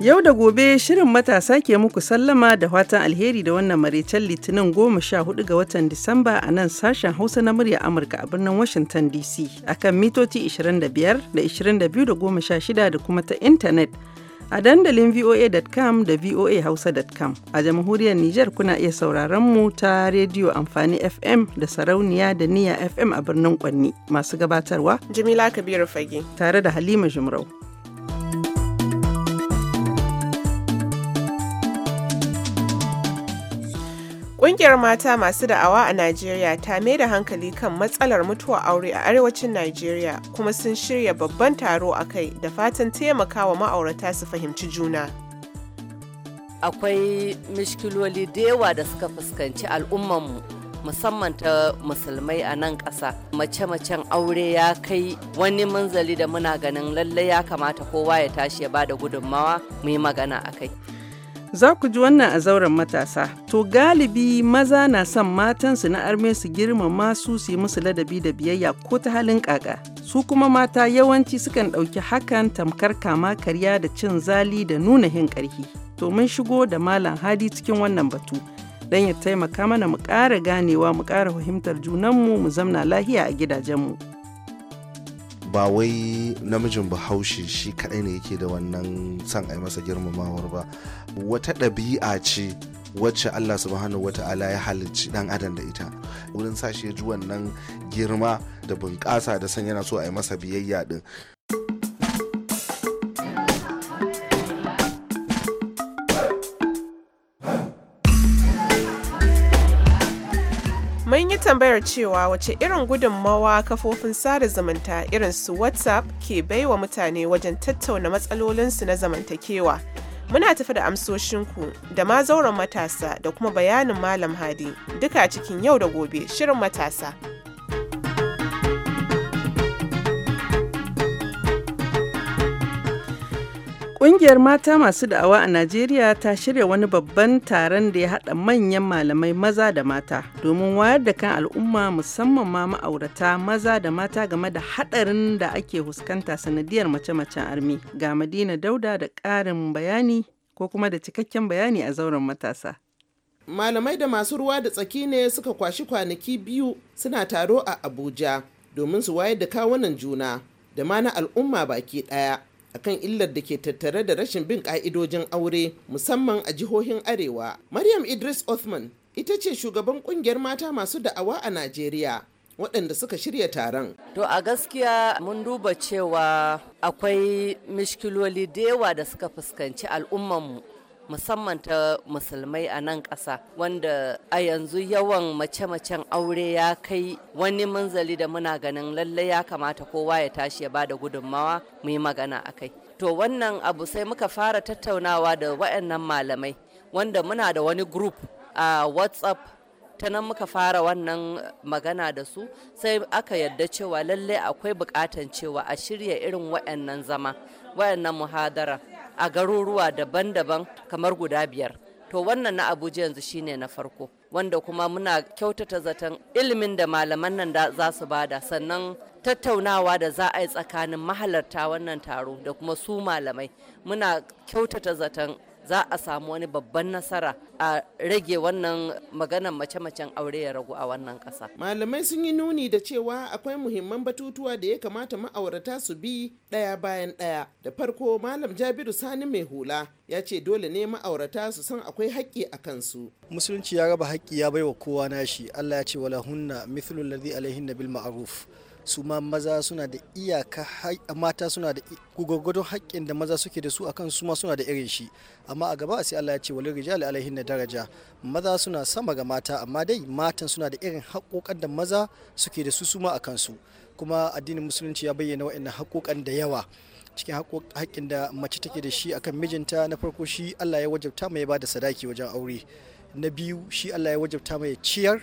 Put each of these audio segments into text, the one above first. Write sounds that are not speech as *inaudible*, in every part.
Yau da gobe shirin matasa ke muku sallama da fatan alheri da wannan maraicen litinin goma sha hudu ga watan Disamba a nan sashen Hausa na murya Amurka a birnin Washington DC akan mitoci 25 da 22 da goma sha shida da kuma ta intanet a dandalin voa.com da voahausa.com a jamhuriyar Nijar kuna iya sauraron mu ta rediyo amfani FM da sarauniya da niya FM a birnin Kwanni masu gabatarwa Jamila Kabiru Fage tare da Halima Jumrau. Ƙungiyar mata masu da'awa a Najeriya ta mai da hankali kan matsalar mutuwa aure a arewacin Najeriya kuma sun shirya babban taro a kai da fatan taimakawa ma'aurata su fahimci juna. Akwai mishkiloli da yawa da suka fuskanci al'ummanmu musamman ta musulmai a nan ƙasa. Mace-macen aure ya kai wani manzali da muna ganin lallai ya kamata kowa ya tashi ya bada gudunmawa mu yi magana a kai. Za ku ji wannan a zauren matasa. To galibi maza na son matansu na arme su girmama susi su yi musu ladabi da biyayya ko ta halin ƙaƙa. Su kuma mata yawanci sukan ɗauki hakan tamkar kama karya da cin zali da nuna hin ƙarfi. To mun shigo da Malam Hadi cikin wannan batu. Don ya taimaka mana mu ƙara ganewa mu ƙara fahimtar junanmu mu zamna lahiya a gidajenmu. ba wai namijin bahaushe shi kaɗai ne yake da wannan son a yi masa girmamawar ba wata ɗabi'a ce wacce Allah subhanahu ta'ala ya halicci dan adam da ita wurin sa shi ya ji wannan girma da bunƙasa da san yana so a yi masa biyayya din. yi tambayar cewa wace irin gudunmawa kafofin sada zumunta irin su WhatsApp ke baiwa mutane wajen tattauna matsalolinsu na zamantakewa. Muna tafi da amsoshinku da ma zauren matasa da kuma bayanin Malam Hadi duka cikin yau da gobe shirin matasa. Ƙungiyar mata masu da'awa a Najeriya ta shirya wani babban taron da ya haɗa manyan malamai maza da mata domin wayar da kan al'umma musamman ma ma'aurata maza da mata game da haɗarin da ake fuskanta sanadiyar mace-macen armi. Ga Madina Dauda da ƙarin bayani ko kuma da cikakken bayani a zauren matasa. Malamai da masu ruwa da tsaki ne suka kwashi kwanaki biyu suna taro a Abuja domin su wayar da kawunan juna da ma na al'umma baki ɗaya. akan illar da ke tattare da rashin bin ka'idojin aure musamman a jihohin arewa maryam idris othman ita ce shugaban kungiyar mata masu da'awa a najeriya waɗanda suka shirya taron. To a gaskiya mun duba cewa akwai mishkiloli da yawa da suka fuskanci al'ummanmu musamman ta musulmai a nan ƙasa wanda a yanzu yawan mace-macen aure ya kai wani manzali da muna ganin lallai ya kamata kowa ya tashi ya bada gudunmawa mu yi magana a kai to wannan abu sai muka fara tattaunawa da wayannan malamai wanda muna da wani group a whatsapp ta nan muka fara wannan magana da su sai aka yarda cewa lallai akwai bukatan cewa a shirya irin wayannan zama wayannan muhadara a garuruwa daban-daban kamar guda biyar to wannan na abuja yanzu shine na farko wanda kuma muna kyautata zaton ilimin da malaman nan za su bada sannan tattaunawa da za a yi tsakanin mahalarta wannan taro da kuma su malamai muna kyautata zaton za a samu wani babban nasara a rage wannan maganar mace-macen aure ya ragu a wannan ƙasa. Malamai sun yi nuni da cewa akwai muhimman batutuwa da ya kamata ma'aurata su bi ɗaya bayan ɗaya. Da farko Malam Jabiru Sani mai hula ya ce dole ne ma'aurata su san akwai haƙƙi a kansu. Musulunci ya raba haƙƙi ya bai wa kowa nashi. Allah ya ce wala hunna mithlu ladhi alaihinna bil ma'ruf. su ma maza suna da iyaka mata suna da gugurgudun haƙƙin da maza suke da su a kan su ma suna da irin shi amma a gaba sai Allah ya ce walil rijali alaihin na daraja maza suna sama ga mata amma dai matan suna da irin haƙoƙan da maza suke da su su ma kan su kuma addinin musulunci ya bayyana waɗannan haƙoƙan da yawa cikin haƙƙin da mace take da shi akan mijinta na farko shi Allah ya wajabta mai ba da sadaki wajen aure na biyu shi Allah ya wajabta mai ciyar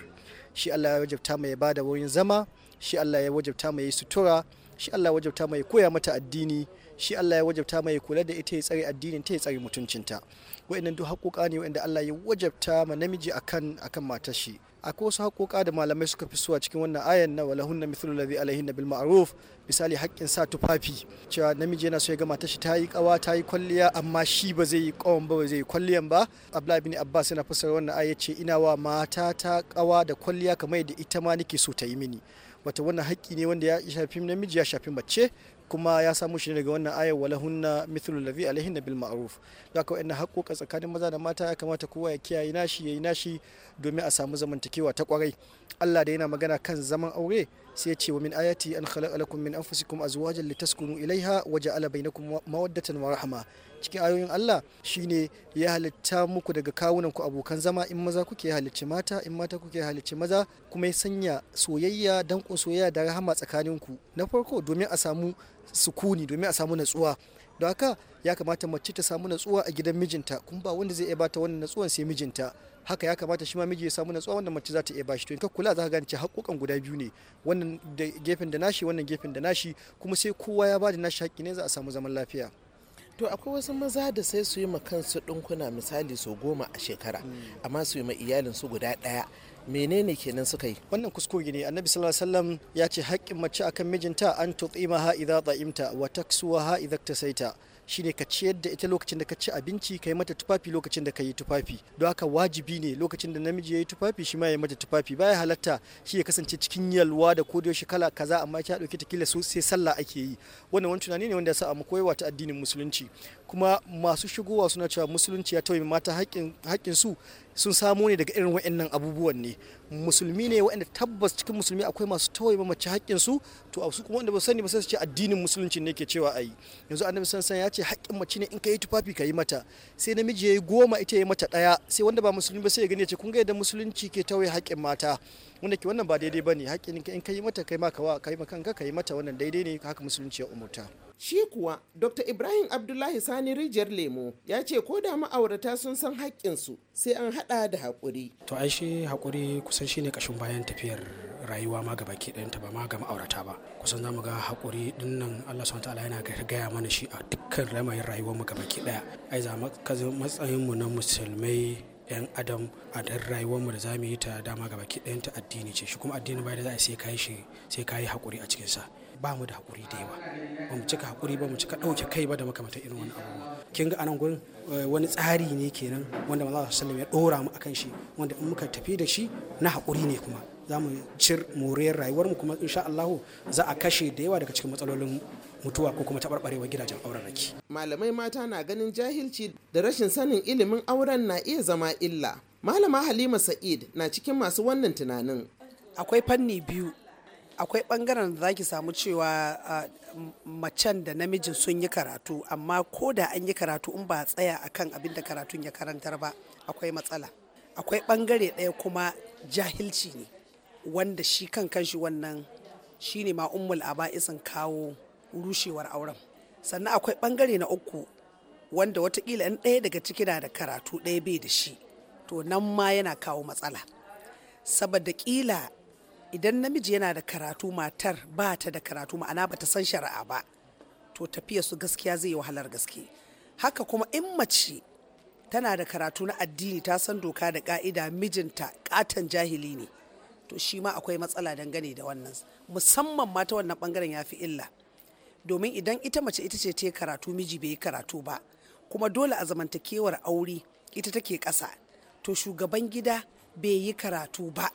shi Allah ya wajabta mai ba da wurin zama shi Allah ya wajabta mai sutura shi Allah ya wajabta mai koya mata addini shi Allah ya wajabta mai kula da ita ya tsare addinin ta ya tsare mutuncinta wa'annan duk haƙoƙa ne wa'anda Allah ya wajabta ma namiji akan akan matar shi akwai wasu haƙoƙa da malamai suka fi suwa cikin wannan ayan na walahunna mithlu alladhi alaihinna bil ma'ruf misali haƙƙin sa tufafi cewa namiji yana so ya ga matar shi ta yi kawa ta yi kwalliya amma shi ba zai yi ƙawan ba zai yi kwalliyan ba Abdullahi bin Abbas yana fassara wannan aya ce ina wa mata ta kawa da kwalliya kamar da ita ma nake so ta yi mini wata wannan haƙƙi ne wanda ya shafi namiji ya shafi mace kuma ya samu shi ne daga wannan ayar wala hunna mithlu ladhi alaihinna bil ma'ruf da ka wa'annan haƙoƙa tsakanin maza da mata ya kamata kowa ya kiyaye nashi yayi nashi domin a samu zamantakewa ta kwarai Allah da yana magana kan zaman aure sai ce wa min ayati an khalaqa lakum min anfusikum azwajan litaskunu ilaiha wa ja'ala bainakum mawaddatan wa rahma cikin ayoyin Allah shine ya halitta muku daga kawunan ku abokan zama in maza kuke halicci mata in mata kuke halicci maza kuma ya sanya soyayya danƙon soyayya da rahama tsakanin ku na farko domin a samu sukuni domin a samu natsuwa don haka ya kamata mace ta samu natsuwa a gidan mijinta kuma ba wanda zai iya bata wannan natsuwan sai mijinta haka ya kamata shi ma miji ya samu natsuwa wanda mace za ta iya bashi to in ka kula za ka gane haƙoƙan guda biyu ne wannan gefen da nashi wannan gefen da nashi kuma sai kowa ya ba da nashi haƙƙi ne za a samu zaman lafiya to akwai wasu maza da sai su yi ma kansu ɗinkuna misali su goma a shekara mm. amma su yi ma iyalin su guda ɗaya menene kenan suka yi wannan kuskure ne annabi sallallahu alaihi wasallam ya ce haƙƙin mace akan mijinta an tuqima ha idza ta'imta wa taksuwa ha idza tasaita shine ka ciyar da ita lokacin da ka ci abinci ka yi mata tufafi lokacin da ka yi tufafi don haka wajibi ne lokacin da namiji ya yi tufafi shi ma ya yi mata tufafi baya halatta shi ya kasance cikin yalwa da ko yaushe kala kaza amma ki dauki ta kila sai sallah ake yi wannan wani tunani ne wanda ya sa mu koyewa ta addinin musulunci kuma masu shigowa suna cewa musulunci ya tauye mata haƙƙin su sun samo ne daga irin wa'annan abubuwan ne musulmi ne wa'anda tabbas cikin musulmi akwai masu tauye mace haƙƙin su to a su kuma wanda ba sani ba sai su ce addinin musulunci ne ke cewa ayi yanzu annabi sansan ya ce haƙƙin mace ne in ka yi tufafi ka yi mata sai namiji ya yi goma ita ya yi mata ɗaya sai wanda ba musulmi ba sai ya gani ya ce kun ga yadda musulunci ke tauye haƙƙin mata wanda ke wannan ba daidai ba ne haƙƙin in ka yi mata kai ma ka yi ma kanka ka yi mata wannan daidai ne haka musulunci ya umurta. Shi kuwa Dr. Ibrahim Abdullahi Sani Rijiyar Lemo ya ce ko da ma'aurata sun san haƙƙinsu sai an haɗa da haƙuri. To ai shi haƙuri kusan shine ƙashin bayan tafiyar rayuwa ma gaba ke ɗayanta ba ma ga ma'aurata ba kusan zamu ga haƙuri dinnan Allah subhanahu ta'ala yana gaya mana shi a dukkan ramayin rayuwar mu gaba ke ɗaya ai za matsayin mu na musulmai 'yan adam a dan rayuwar mu da za mu yi ta dama gaba ke ɗayanta addini ce shi kuma addini baya da za a sai ka yi shi sai ka yi haƙuri a cikinsa ba mu da hakuri da yawa ba mu cika hakuri ba mu cika dauke kai ba da makamantar irin wani abubuwa kin ga anan gurin eh, wani tsari ne kenan wanda manzo sallallahu ya ɗora mu akan shi wanda in muka tafi da shi na hakuri ne kuma za mu cir moriyar rayuwar mu kuma insha Allah za a kashe da yawa daga cikin matsalolin mutuwa ko kuma taɓarɓarewar gidajen auren raki. Malamai mata na ganin jahilci da rashin sanin ilimin auren na iya zama illa. Malama Halima Sa'id na cikin masu wannan tunanin. Akwai fanni biyu akwai bangaren da zaki samu cewa macen da namijin sun yi karatu amma ko da an yi karatu in ba tsaya akan abin da karatun ya karantar ba akwai matsala akwai bangare ɗaya kuma jahilci ne wanda shi kan kanshi wannan shi ne ma ummul aba'isin kawo rushewar auren sannan akwai bangare na uku wanda watakila in ɗaya daga ciki na da karatu ɗaya bai da shi to nan ma yana kawo matsala saboda kila idan namiji yana da karatu matar ba ta da karatu ma'ana ba ta san shari'a ba to tafiya su gaskiya zai yi wahalar gaske haka kuma in mace tana da karatu na addini ta san doka da ka'ida mijinta katon jahili ne to shi ma akwai matsala dangane da wannan musamman ma ta wannan bangaren ya fi illa domin idan ita mace ita ce ta yi karatu miji bai yi karatu ba kuma dole a zamantakewar aure ita take ƙasa to shugaban gida bai yi karatu ba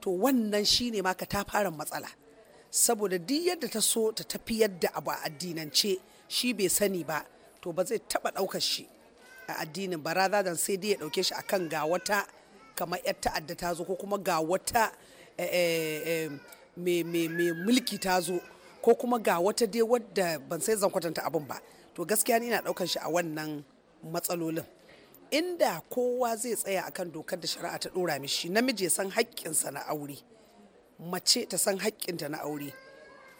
to wannan shine ma maka ta fara matsala saboda duk yadda ta so ta tafi yadda abu a addinance shi bai sani ba to ba zai taba daukar shi a addinin rather dan sai dai ya dauke shi akan ga wata kamar yar ta'adda ta zo ko kuma ga wata eh, eh, eh, mai mulki ta zo ko kuma ga wata dai wadda ban sai zan kwatanta abin ba to gaskiya ni ina daukar shi a wannan matsalolin inda kowa zai tsaya akan dokar da shari'a ta dora mishi namiji san haƙƙinsa na aure mace ta san haƙƙinta na aure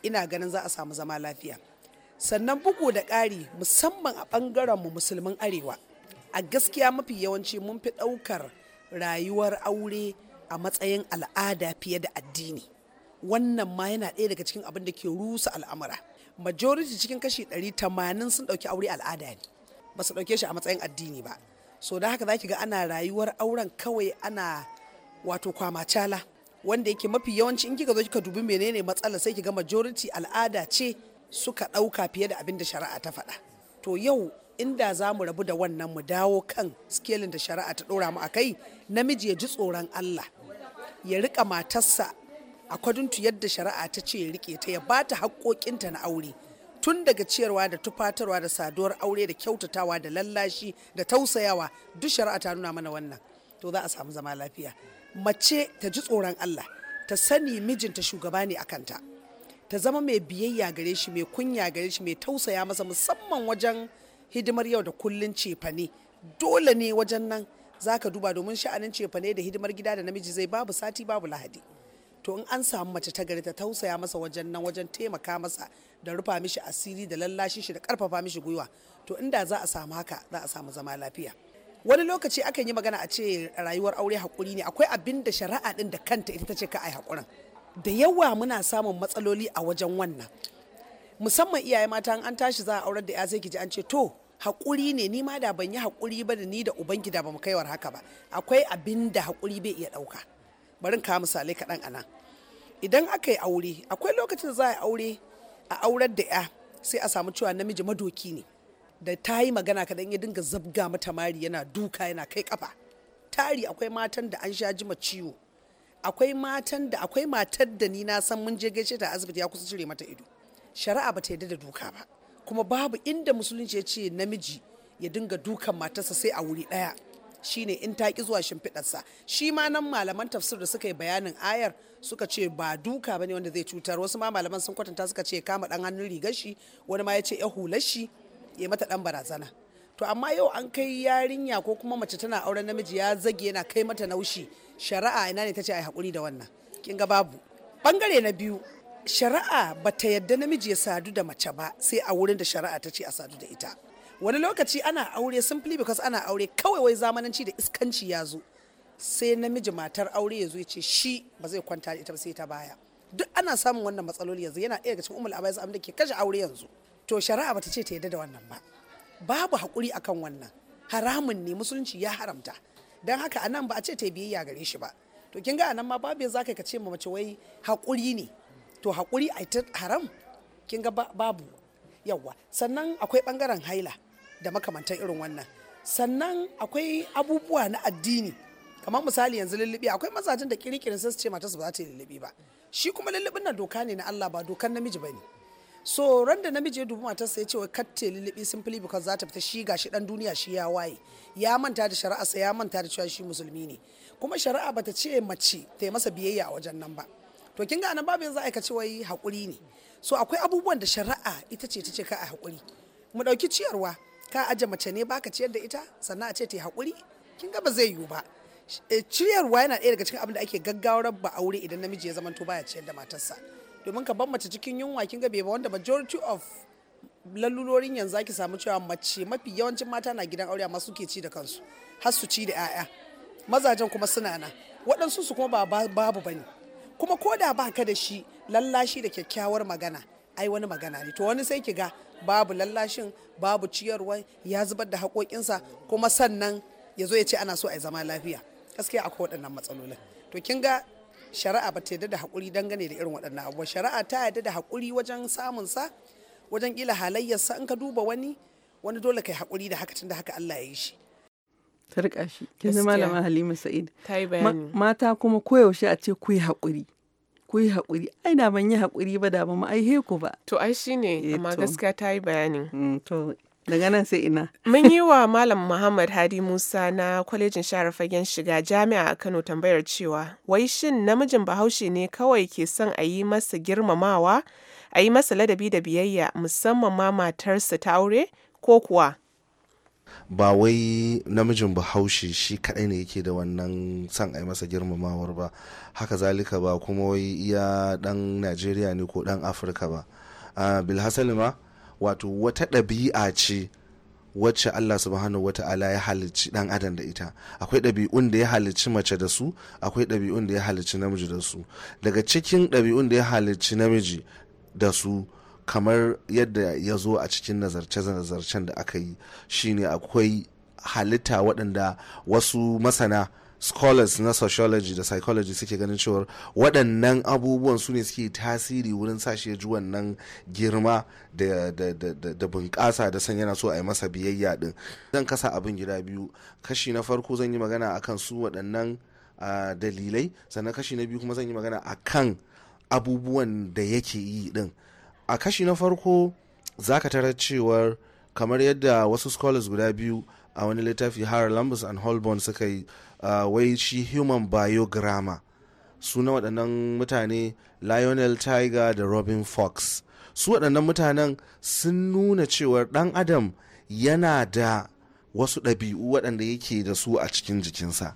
ina ganin za a samu zama lafiya sannan bugu da ƙari musamman a ɓangaren ɓangarenmu musulmin arewa a gaskiya mafi yawanci mun fi ɗaukar rayuwar aure a matsayin al'ada fiye da addini wannan ma yana ɗaya daga cikin abin da ke rusa al'amura majority cikin kashi 180 sun ɗauki aure al'ada ne ba su ɗauke shi a matsayin addini ba so da haka zaki ga ana rayuwar auren kawai ana wato kwamacala wanda yake mafi yawanci in kika zo kika dubi menene matsala sai kiga majority al'ada ce suka ɗauka fiye da abin da shari'a ta faɗa to yau inda za mu rabu da wannan mu dawo kan skelin da shari'a ta ɗora mu a kai namiji ya ji tsoron Allah ya riƙa matarsa a kwaduntu yadda shari'a ta ce ya riƙe ta ya bata haƙƙoƙinta na aure tun daga ciyarwa da tufatarwa da saduwar aure da kyautatawa da lallashi da tausayawa duk shari'a ta nuna mana wannan to za a samu zama lafiya mace ta ji tsoron Allah ta sani mijinta shugaba ne a kanta ta zama mai biyayya gare shi mai kunya gare shi mai tausaya masa musamman wajen hidimar yau da kullun cefane dole ne wajen nan za ka duba domin sha'anin cefane da hidimar gida da namiji zai babu sati babu lahadi to in an samu mace ta gari ta tausaya masa wajen nan wajen taimaka masa da rufa mishi asiri da lallashin shi da karfafa mishi gwiwa to inda za a samu haka za a samu zama lafiya wani lokaci akan yi magana a ce rayuwar aure hakuri ne akwai abin da shari'a din da kanta ita tace ce ka ai hakurin da yawa muna samun matsaloli a wajen wannan musamman iyaye mata an tashi za a aurar da ya sai kiji an ce to haƙuri ne ni ma da ban yi haƙuri ba da ni da ubangida ba mu kaiwar haka ba akwai abin da haƙuri bai iya ɗauka bari ka misalai kaɗan a nan idan aka yi aure akwai lokacin da za a yi aure a aurar da ya sai a samu cewa namiji madoki ne da ta yi magana kadan ya dinga zabga mata mari yana duka yana kai kafa tari akwai matan da an sha jima ciwo akwai matan da akwai matar da ni na san mun je gaishe ta asibiti ya kusa cire mata ido shari'a ba ta yarda da duka ba kuma babu inda musulunci ya ce namiji ya dinga dukan matarsa sai a wuri daya shine in ta ki zuwa shimfiɗarsa shi ma nan malaman tafsir da suka yi bayanin ayar suka ce ba duka bane wanda zai cutar wasu ma malaman sun kwatanta suka ce kama dan hannun rigar shi wani ma ya ce ya hular shi ya mata dan barazana to amma yau an kai yarinya ko kuma mace tana auren namiji ya zage yana kai mata naushi shari'a ina ne ta ce ai hakuri da wannan kin ga babu bangare na biyu shari'a bata yadda namiji ya sadu da mace ba sai a wurin da shari'a ta ce a sadu da ita wani lokaci ana aure simply because ana aure kawai wai zamananci da iskanci ya zo sai namiji matar aure ya zo ya ce shi ba zai kwanta ita ba sai ta baya duk ana samun wannan matsaloli yanzu yana ɗaya daga cikin umul abai da ke kashe aure yanzu to shari'a bata ce ta yarda da wannan ba babu hakuri akan wannan haramun ne musulunci ya haramta don haka a nan ba a ce ta biyayya gare shi ba to kin ga a nan ma babu za ka ce ma mace wai hakuri ne to haƙuri a haram kin ga babu yawwa sannan akwai bangaren haila da makamantan irin wannan sannan akwai abubuwa na addini kamar misali yanzu lullubi akwai mazajen da kirkirin sai ce matarsa ba za ta yi lullubi ba shi kuma lullubin na doka ne na Allah ba dokan namiji ba ne so ran da namiji ya dubi matarsa ya ce wai katte lullubi simply because za ta fita shi gashi dan duniya shi ya waye ya manta da shari'a sai ya manta da cewa shi musulmi ne kuma shari'a bata ce mace ta yi masa biyayya a wajen nan ba to kin ga anan babu yanzu aika ce wai hakuri ne so akwai abubuwan da shari'a ita ce ta ce ka a hakuri mu dauki ciyarwa ka aje mace ne baka ciyar da ita sannan a ce ta yi haƙuri kin ga ba zai yiwu ba ciyarwa eh, yana ɗaya daga cikin abin da ake gaggawar ba aure idan namiji ya zamanto baya ciyar da matarsa domin ka ban mace cikin yunwa kin ga bai ba wanda majority of lalurorin yanzu ake samu cewa mace mafi yawancin mata na gidan aure amma suke ci da kansu har su ci da 'ya'ya mazajen kuma suna na waɗansu su kuma ba babu bane kuma ko da baka da shi lallashi da kyakkyawar magana ai wani magana ne to wani sai ki ga babu lallashin babu ciyarwa ya zubar da haƙoƙinsa kuma sannan ya zo ya ce ana so a zama lafiya gaskiya akwai waɗannan matsalolin to kin ga shari'a ba ta yadda da haƙuri dangane da irin waɗannan abubuwa shari'a ta yarda da haƙuri wajen samun sa wajen kila halayyarsa in ka duba wani wani dole kai haƙuri da haka tunda haka Allah ya yi shi ta riƙa shi kin malama Halima Sa'id mata kuma koyaushe a ce ku yi haƙuri ku yi haƙuri ai da ban yi haƙuri ba da ba mu aihe ku ba to ai shine eh amma gaskiya ta yi bayanin mm, to daga nan sai ina. Mun yi wa Malam Muhammad Hadi Musa na kwalejin share fagen shiga jami'a a Kano tambayar cewa, wai shin namijin bahaushe ne kawai ke son a yi masa girmamawa, a yi masa ladabi da biyayya musamman ma matarsa ta aure ko kuwa ba wai namijin bahaushe shi kadai ne yake da wannan son yi masa girmamawar ba haka zalika ba kuma wai iya dan najeriya ne ko dan afirka ba uh, ma wato wata ɗabi'a ce wacce Allah subhanahu wa ta'ala ya halicci dan adam da ita akwai ɗabi'un da ya halicci mace da su akwai ɗabi'un da ya halicci namiji da su daga cikin ɗabi'un da ya halicci namiji da su kamar yadda ya zo a cikin nazarce-nazarcen da aka yi shine akwai halitta waɗanda wasu masana scholars na sociology da psychology suke ganin cewa waɗannan abubuwan su ne suke tasiri wurin sashe ji wannan girma da, bunƙasa da san yana so a yi masa biyayya ɗin zan kasa abin gida biyu kashi na farko zan yi magana akan su waɗannan dalilai sannan kashi na biyu kuma zan yi magana akan abubuwan da yake yi ɗin a kashi na farko za ka tarar cewar kamar yadda wasu scholars guda biyu a wani littafi har lambus and holborn suka yi wai shi human biogramma suna waɗannan mutane lionel tiger da robin fox su waɗannan mutanen sun nuna cewar ɗan adam yana da wasu ɗabi'u waɗanda yake da su a cikin jikinsa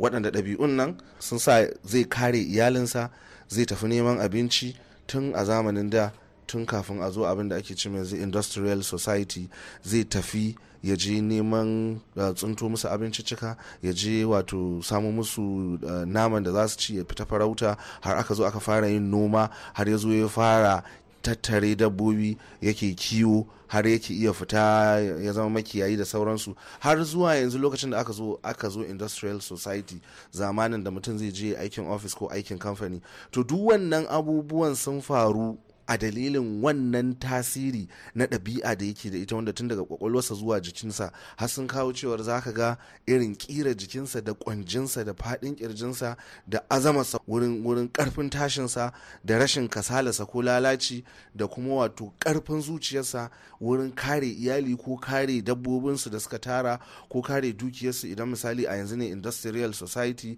waɗanda ɗabi'un nan sun sa zai kare iyalinsa zai tafi neman abinci tun a zamanin da tun kafin a zo abin da ake ce yanzu industrial society zai tafi ya je neman uh, tsinto musu abinciccika ya je wato samu musu uh, naman da za su ci ya fita farauta har aka zo aka fara yin noma har ya zo ya fara tattare dabbobi yake kiwo har yake iya fita ya zama makiyayi da sauransu har zuwa yanzu lokacin da aka zo aka zo industrial society zamanin da mutum zai je aikin office ko aikin kamfani to duk wannan abubuwan sun faru a dalilin wannan tasiri na ɗabi'a da yake da ita wanda tun daga kwakwalwarsa zuwa jikinsa har sun kawo cewar za ka ga irin ƙira jikinsa da kwanjinsa da faɗin ƙirjinsa da azamarsa wurin wurin ƙarfin tashinsa da rashin kasalarsa ko lalaci da kuma wato ƙarfin zuciyarsa wurin kare iyali ko kare dabbobinsu da suka tara ko kare dukiyarsu idan misali a yanzu ne industrial society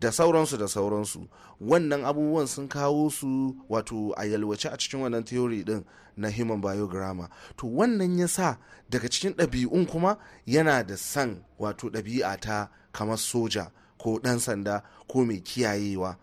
da sauransu da sauransu wannan abubuwan sun kawo su wato a yalwace a cikin wannan theory din na human biogramma to wannan ya sa daga cikin ɗabi'un kuma yana da san wato ɗabi'a ta kamar soja ko ɗan sanda ko mai kiyayewa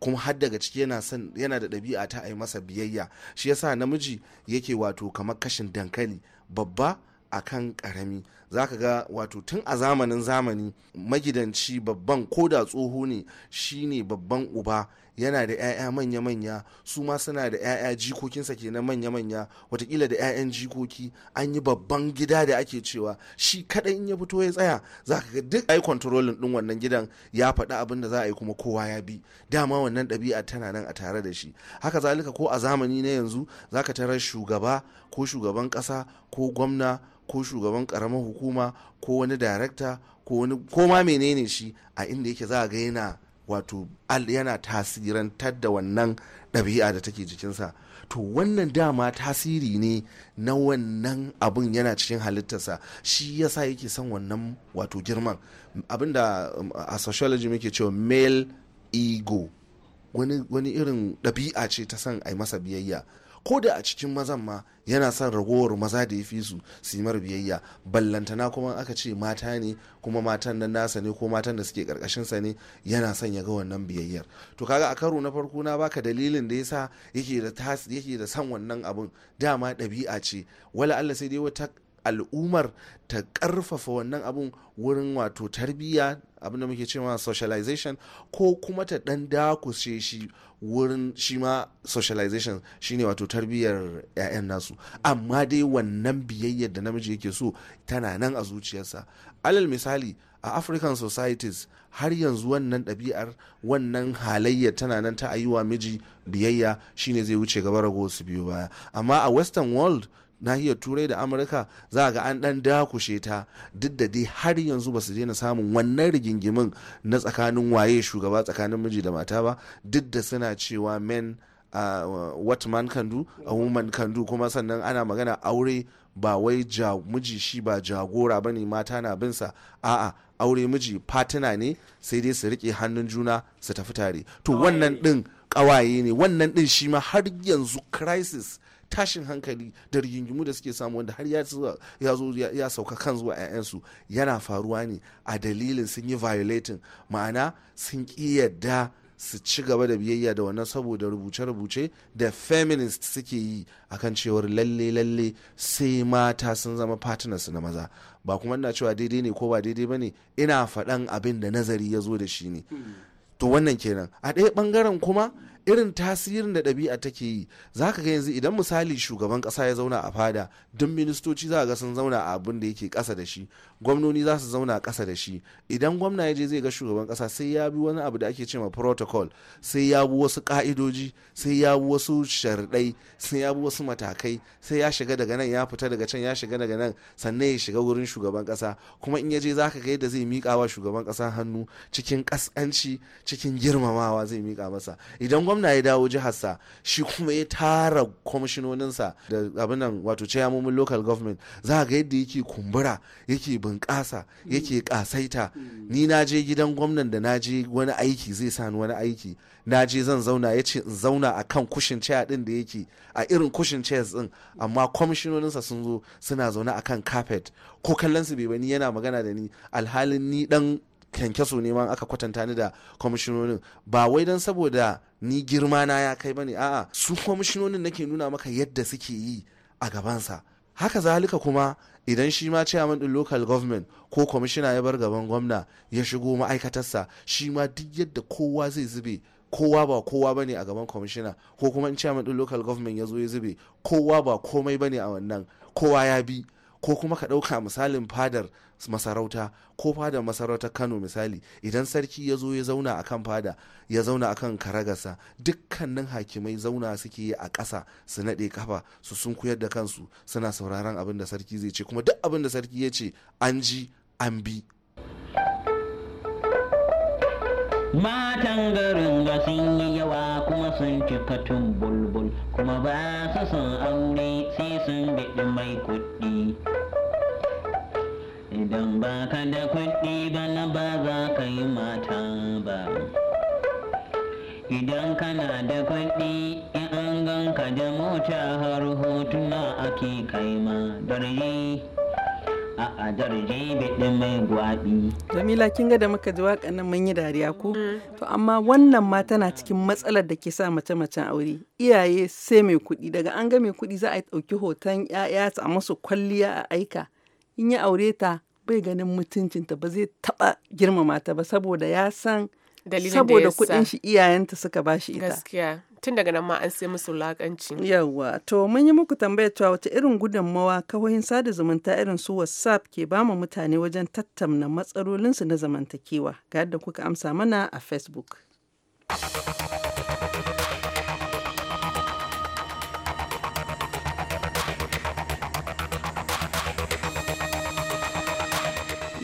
kuma har daga ciki yana son yana da ɗabi'a ta a yi masa biyayya shi yasa namiji yake wato kamar kashin dankali babba a kan karami za ka ga wato tun a zamanin zamani magidanci babban ko da tsoho ne shine babban uba yana da 'ya'ya manya-manya su ma suna da 'ya'ya jikokinsa ke na manya-manya watakila da 'ya'yan jikoki an yi babban gida da ake cewa shi kaɗai in ya fito ya tsaya za ka ga duk ai kontrolin ɗin wannan gidan ya faɗi abin da za a yi kuma kowa ya bi dama wannan ɗabi'a tana nan a tare da shi haka zalika ko a zamani na yanzu za ka tarar shugaba ko shugaban ƙasa ko gwamna ko shugaban ƙaramar hukuma ko wani darakta ko wani menene shi a inda yake za a ga yana wato al yana tasirantar da wannan ɗabi'a da take jikinsa to wannan dama tasiri ne na wannan abin yana cikin halittarsa shi yasa yake son wannan wato girman abinda um, a sociology muke cewa male ego wani, irin ɗabi'a ce ta son a masa biyayya ko da a cikin mazan ma yana son ragowar maza da ya fi su su yi biyayya ballantana kuma aka ce mata ne kuma matan nan nasa ne ko matan da suke karkashin sa ne yana son ya ga wannan biyayyar to kaga a karo na farko na baka dalilin da yasa yake da yake da son wannan abun dama ɗabi'a ce wala Allah sai dai wata al'ummar ta karfafa wannan abun wurin wato tarbiyya abin da muke cewa socialization ko kuma ta dan dakushe shi wurin shi ma socialization shine wato tarbiyyar 'ya'yan nasu amma dai wannan biyayyar da namiji yake so tana nan a zuciyarsa alal misali a african societies har yanzu wannan ɗabi'ar wannan halayyar tana nan ta ayyuwa miji biyayya shine zai wuce gaba rago su biyu baya amma a western world nahiyar turai da amurka za a ga an dan dakushe ta duk da dai har yanzu ba su daina samun wannan rigingimin na tsakanin waye shugaba tsakanin miji da mata ba duk da suna cewa men uh, what man can a woman can kuma sannan ana magana aure ba wai ja, miji shi ba jagora bane mata na binsa a'a aure miji fatina ne sai dai su rike hannun juna su tafi tare to wannan din kawaye ne wannan din shi ma har yanzu crisis tashin hankali da rigingimu da suke samu wanda har ya zo ya sauka kan zuwa 'ya'yansu yana faruwa ne a dalilin sun yi violating ma'ana sun ki yadda su ci gaba da biyayya da wannan saboda rubuce-rubuce da feminist suke yi akan cewar lalle-lalle sai mata sun zama partners na maza ba kuma ina cewa daidai ne ko ba daidai bane ina faɗan abin da nazari ya zo da shi ne hmm. to wannan kenan a ɗaya ɓangaren kuma irin tasirin da ɗabi'a take yi za ka ga yanzu idan misali shugaban ƙasa ya zauna a fada don ministoci za ga sun zauna a abin da yake ƙasa da shi gwamnoni za su zauna ƙasa da shi idan gwamna ya je zai ga shugaban ƙasa sai ya bi wani abu da ake cewa protocol sai ya bi wasu ƙa'idoji sai ya bi wasu sharɗai sai ya bi wasu matakai sai ya shiga daga nan ya fita daga can ya shiga daga nan sannan ya shiga wurin shugaban ƙasa kuma in ya je zaka ga yadda zai miƙa wa shugaban ƙasa hannu cikin ƙasƙanci cikin girmamawa zai miƙa masa idan gwamna ya dawo jiharsa shi kuma ya tara kwamishinoninsa da abin nan wato chairman local government za ga yadda yake kumbura yake bunƙasa mm. yake ƙasaita mm. ni na je gidan gwamnan da na je wani aiki zai sa ni wani aiki na je zan zauna ya ce in zauna a kan kushin caya ɗin da yake a irin kushin chairs ɗin amma kwamishinoninsa sun zo suna zaune a kan carpet ko kallon su bai bani yana magana da ni alhalin ni dan kyankyaso ne aka kwatanta ni da kwamishinonin ba wai don saboda ni girma na ya kai bane a'a su kwamishinonin nake nuna maka yadda suke yi a gabansa haka zalika kuma idan shi ma chairman din local government ko kwamishina ya bar gaban gwamna ya shigo ma'aikatarsa shi ma duk yadda kowa zai zube kowa ba kowa bane a gaban kwamishina ko kuma in chairman din local government ya zo ya zube kowa ba komai bane a wannan kowa ya bi ko kuma ka ɗauka misalin fadar masarauta ko fadar masarautar kano misali idan sarki ya zo ya zauna a kan fada ya zauna a kan karagarsa dukkanin hakimai zauna suke yi a ƙasa su naɗe kafa su sun kuyar da kansu suna sauraron abin da sarki zai ce kuma duk abin da sarki ya ce an ji an bi matangaringa sinyiyawa kuma sun cikatun bulbul kuma ba su sun aure sai sun gaɗi mai kuɗi idan ba ka da kuɗi bana ba za ka yi mata ba idan kana da kuɗi in an ganka da mota har hotuna ake kaima darje a darje ɗin mai gwaɓi. Jamila kin ga da muka ji waƙa nan mun yi dariya ko? To amma wannan ma tana cikin matsalar da ke sa mace-macen aure. Iyaye sai mai kuɗi daga an ga mai kuɗi za a ɗauki hoton ‘ya'ya a musu kwalliya a aika. In ya aure ta bai ganin mutuncinta ba zai taɓa girmama ta ba saboda ya san saboda kuɗin shi iyayenta suka bashi ita. Gaskiya. tun daga nan ma an sai musu wulakanci Yawwa, to mun yi muku tambaya cewa wata irin gudunmawa kawahin sada zumunta irin su whatsapp ke bama mutane wajen tattauna matsalolinsu na zamantakewa ga yadda kuka amsa mana a facebook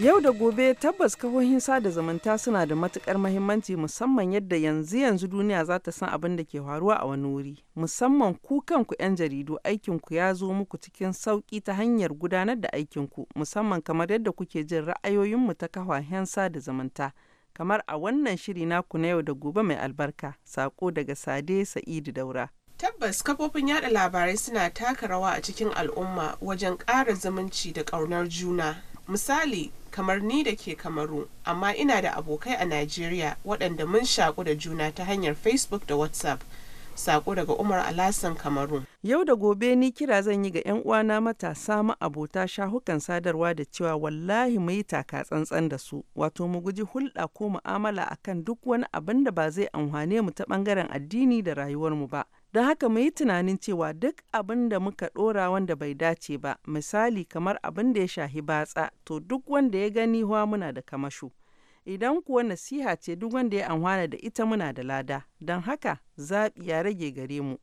Yau da gobe tabbas kahohin sada zumunta suna da matukar mahimmanci musamman yadda yanzu yanzu duniya za ta san abin da ke faruwa a wani wuri. Musamman ku kanku 'yan jaridu aikinku ya zo muku cikin sauki ta hanyar gudanar da aikinku musamman kamar yadda kuke jin ra'ayoyinmu ta kahohin sada zumunta. Kamar a wannan shiri naku na yau da gobe mai albarka, sako daga Sade Sa'idu Daura. Tabbas kafofin yada labarai suna taka rawa a cikin al'umma wajen ƙara zumunci da ƙaunar juna. Misali, kamar ni da ke kamaru amma ina da abokai a Najeriya waɗanda mun shaƙu da juna ta hanyar Facebook da WhatsApp. Sako daga Umar Alasan Kamaru. Yau da gobe ni kira zan yi ga 'yan uwana matasa abota shahukan sadarwa da cewa wallahi mu yi taka tsantsan da su, wato mu guji hulɗa ko mu'amala kan duk wani abin da ba zai amfane mu ta ɓangaren addini da rayuwar mu ba. Don haka mu yi tunanin cewa duk abin da muka ɗora wanda bai dace ba, misali kamar abin da ya shahi batsa, to duk wanda ya gani huwa muna da kamasho. Idan kuwa nasiha ce duk wanda ya amfana da ita muna da lada, don haka zaɓi ya rage gare mu.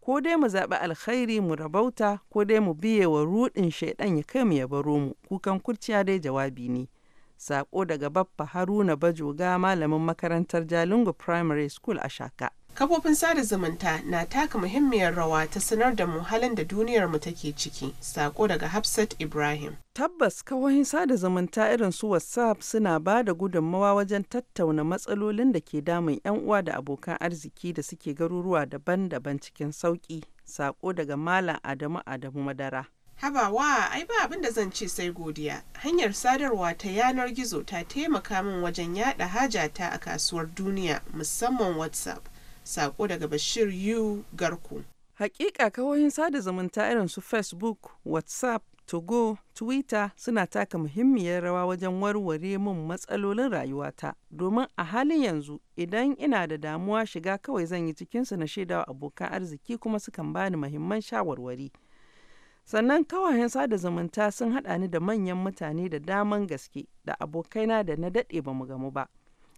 Ko dai mu zaɓi alkhairi mu rabauta, ko dai mu biye wa ruɗin shaiɗan ya kai mu ya baro mu, kukan kurciya dai jawabi ne. Sako daga Baffa Haruna Bajoga malamin makarantar Jalingo Primary School a Shaka. Kafofin sada zumunta na taka muhimmiyar rawa ta sanar da mu halin da duniyar mu take ciki. Sako daga Hafsat Ibrahim. Tabbas kafofin sada zumunta irin su WhatsApp suna ba da gudunmawa wajen tattauna matsalolin da ke damun 'yan uwa da abokan arziki da suke garuruwa daban-daban cikin sauki. Sako daga Malam Adamu Adamu Madara. Habawa, ai ba abin da zan ce sai godiya. Hanyar sadarwa ta yanar gizo ta taimaka min wajen yada hajata a kasuwar duniya musamman WhatsApp. Sako daga Bashir Yu Garku. Hakika kawoyin sada zumunta irin su Facebook, WhatsApp, Togo, Twitter suna taka muhimmiyar rawa wajen warware mun matsalolin rayuwata. Domin a halin yanzu idan ina da damuwa shiga kawai zan yi cikinsu na shaida wa abokan arziki kuma sukan bani muhimman shawarwari. Sannan kawayen sada zumunta sun haɗa ni da manyan mutane da daman gaske da abokaina da na daɗe ba mu gamu ba.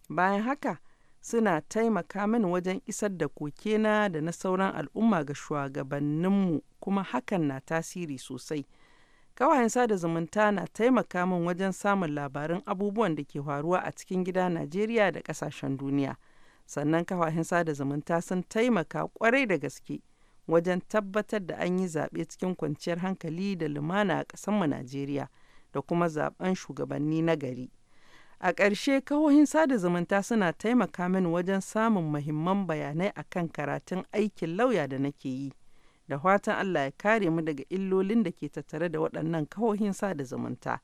Bayan haka, suna taimaka min wajen isar da kokena da na sauran al'umma ga shugabanninmu kuma hakan na tasiri sosai. Kawayen sada zumunta na taimaka min wajen samun labarin abubuwan da ke faruwa a cikin gida Najeriya da ƙasashen duniya. Sannan kawayen sada zumunta sun taimaka kwarai da gaske wajen tabbatar da an yi zaɓe cikin kwanciyar hankali da lumana a ƙasarmu Najeriya da kuma zaɓen shugabanni na gari. A ƙarshe, kahohin sada zumunta suna taimaka min wajen samun mahimman bayanai akan karatun aikin lauya da nake yi. Da fatan Allah ya kare mu daga illolin da ke tattare da waɗannan kahohin sada zumunta.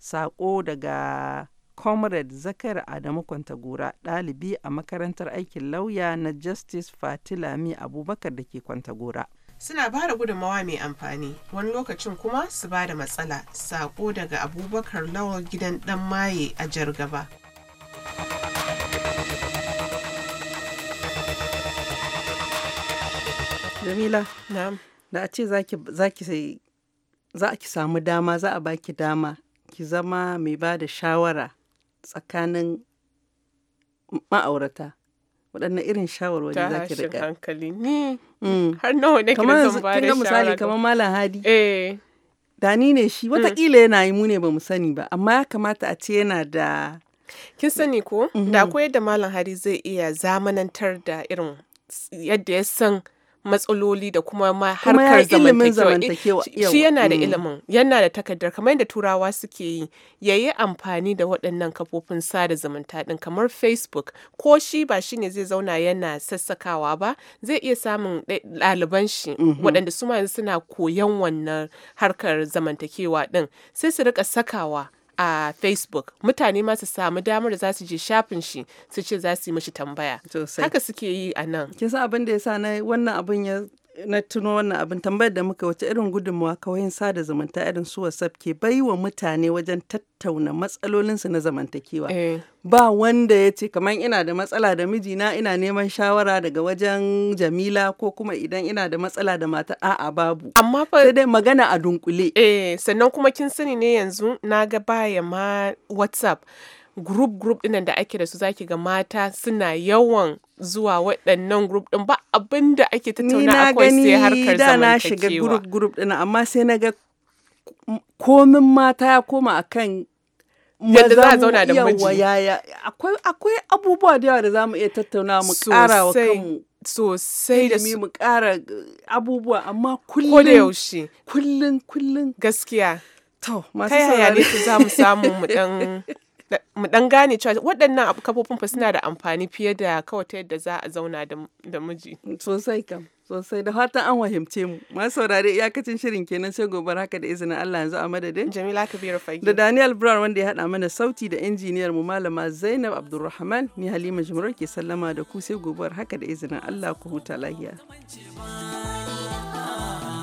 Saƙo daga Comrade Zakar Adamu Kwantagora, ɗalibi a makarantar aikin lauya na Justice Fatilami Abubakar da ke Kwantagora. suna bada da gudunmawa mai amfani wani lokacin kuma su ba da matsala sako daga abubakar lawal gidan dan maye a jar gaba. jamila da a ce za ki samu dama za a baki dama ki zama mai ba da shawara tsakanin ma'aurata waɗanne irin shawarwari za ki riƙa hankali ni mm. har nawa ne da zan ba da misali kamar malam hadi eh dani ne shi watakila mm. yana yi mu ne ba mu sani ba amma ya kamata a ce yana da kin sani ko mm-hmm. da ko yadda malam hadi zai iya zamanantar da irin yadda ya san matsaloli da kuma ma harkar zamantakewa shi yana da mm. ilimin yana da takardar kamar yadda turawa suke yi yayi amfani da waɗannan kafofin sada zumunta ɗin kamar facebook ko shi ba shi ne zai zauna yana sassakawa ba zai iya samun ɗaliban shi mm-hmm. waɗanda su ma suna koyon wannan harkar zamantakewa din. sai su rika sakawa a facebook mutane ma su samu damar da za su je shafin shi su ce za su yi mashi tambaya haka suke yi a nan kin san abin da ya sa na wannan abin ya na tuno wannan abin tambayar da muka wace irin gudunmawa kawai sada zumunta irin su WhatsApp ke bai wa mutane wajen tattauna matsalolinsu na zamantakewa. Eh. Ba wanda ya ce kamar ina da matsala da mijina ina neman shawara daga wajen Jamila ko kuma idan ina da matsala da mata a'a babu. Amma fa sai dai magana a dunkule. Eh sannan kuma kin sani ne yanzu na ga baya ma WhatsApp. group group dinnan da ake da su zaki ga mata suna yawan zuwa waɗannan group din ba abinda da ake tattauna akwai sai harkar zamantakewa. Ni na gani da na shiga group group din amma sai na ga komin mata ya koma akan yadda za a zauna da miji. Akwai abubuwa da yawa da za mu iya tattauna mu ƙara wa kanmu. sosai da su mu ƙara abubuwa amma kullum ko da yaushe kullum kullum gaskiya to masu saurari za mu samu mu dan *laughs* mu dan gane cewa waɗannan kafofin fa suna da amfani fiye da kawai ta yadda za a zauna da miji. Sosai kam. Sosai da fatan an wahimce mu. Masu saurari iyakacin shirin kenan sai gobar haka da izinin Allah yanzu a madadin. Jamila Kabiru Fage. Da Daniel Brown wanda ya haɗa mana sauti da injiniyar mu malama Zainab Abdulrahman ni Halima Jumrau ke sallama da ku sai gobar haka da izinin Allah ku huta lahiya.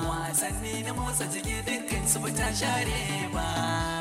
Wasanni na motsa jiki dukkan su ba ta share ba.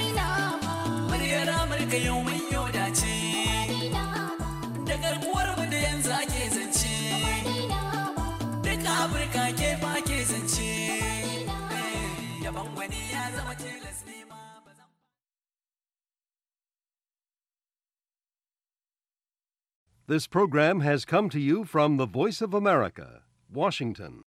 yau dace mu da yanzu ake zance duka afirka ke zance eh, yaban ya zama This program has come to you from the Voice of America, Washington.